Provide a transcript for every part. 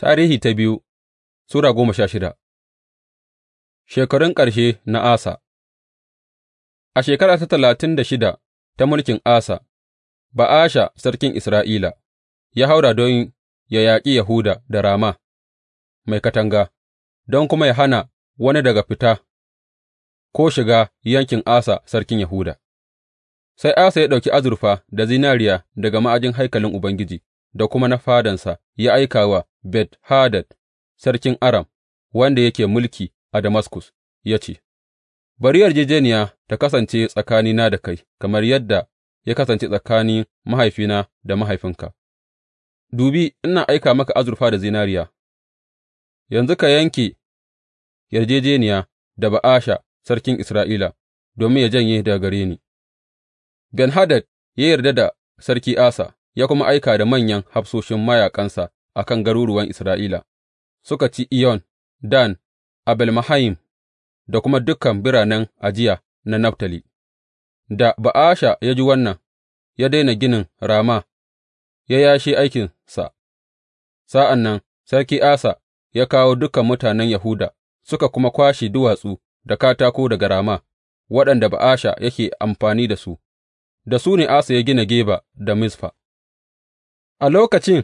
Tarihi ta biyu Sura goma sha shida Shekarun ƙarshe na Asa A shekara ta talatin da shida ta mulkin Asa, Ba'asha sarkin Isra'ila ya haura don ya yaƙi Yahuda da Rama mai katanga, don kuma ya hana wani daga fita ko shiga yankin Asa sarkin Yahuda. Sai Asa ya ɗauki azurfa da zinariya daga ma'ajin haikalin Ubangiji da kuma na fadansa ya aika wa Ben Hadad sarkin Aram, wanda yake mulki a Damaskus, ya ce, Bari yarjejeniya ta kasance tsakanina da kai, kamar yadda ya kasance tsakanin mahaifina da mahaifinka, dubi, ina aika maka azurfa da zinariya, yanzu ka yanke yarjejeniya da Ba'asha sarkin Isra'ila domin ya janye daga gare ni. Ben Hadad ya yarda da Sarki Asa. ya kuma aika da manyan hafsoshin mayaƙansa a kan garuruwan Isra'ila, suka ci Iyon, Dan, Abel Mahayim da kuma dukan biranen ajiya na Naftali. Da Ba'asha ya ji wannan, ya daina ginin Rama, ya yashe aikinsa, sa'an nan Sarki Asa ya kawo dukan mutanen Yahuda suka kuma kwashe duwatsu da katako daga Rama, waɗanda Ba'asha yake amfani da su, da su ne Asa ya gina Geba da Mizfa. A lokacin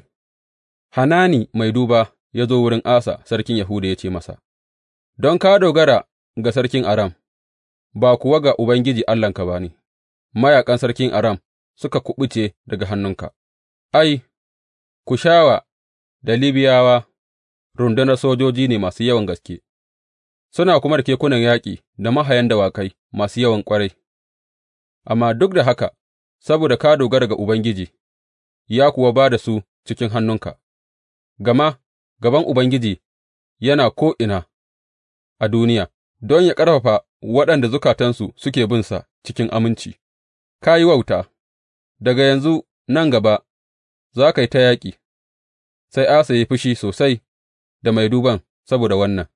Hanani mai duba ya zo wurin Asa sarkin Yahuda ya ce masa, Don ka dogara ga sarkin Aram, ba kuwa ga Ubangiji Allahnka ba ne, mayaƙan sarkin Aram suka kuɓuce daga hannunka, ai, Kushawa da Libiyawa rundunar sojoji ne masu yawan gaske, suna kuma da kekunan yaƙi da mahayan dawakai masu yawan ƙwarai, amma duk da haka, saboda ka dogara ga Ubangiji. ya kuwa ba da su cikin hannunka, gama gaban Ubangiji yana ko'ina a duniya don yă ƙarfafa waɗanda zukatansu suke binsa cikin aminci, ka yi wauta, daga yanzu nan gaba za ka yi ta yaƙi, sai Asa ya yi fushi sosai da mai duban saboda wannan,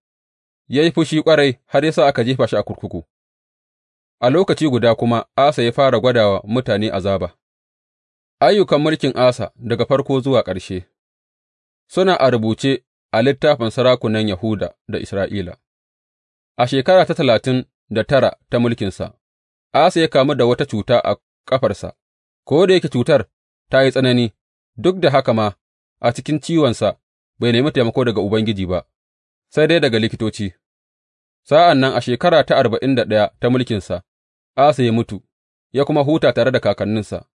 ya yi fushi ƙwarai har ya sa aka jefa shi a kurkuku, a lokaci guda kuma Asa ya fara gwada wa mutane azaba. Ayyukan mulkin Asa daga farko zuwa ƙarshe suna a rubuce a littafin sarakunan Yahuda da Isra'ila. A shekara ta talatin da tara ta mulkinsa, Asa ya kamu da wata cuta a ƙafarsa, ko da yake cutar ta yi tsanani, duk da haka ma a cikin ciwonsa bai nemi taimako daga Ubangiji ba, sai dai daga likitoci. Sa'an nan a shekara ta arba'in da ɗaya ta mulkinsa, Asa ya mutu, ya kuma huta tare da kakanninsa.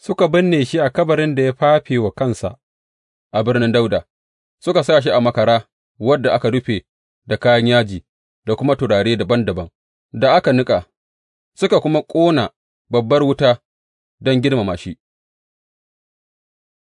suka binne shi a kabarin da ya fafe wa kansa a birnin Dauda, suka sa shi a makara wadda aka rufe da kayan yaji da kuma turare daban daban da aka niƙa, suka kuma ƙona babbar wuta don girmama shi.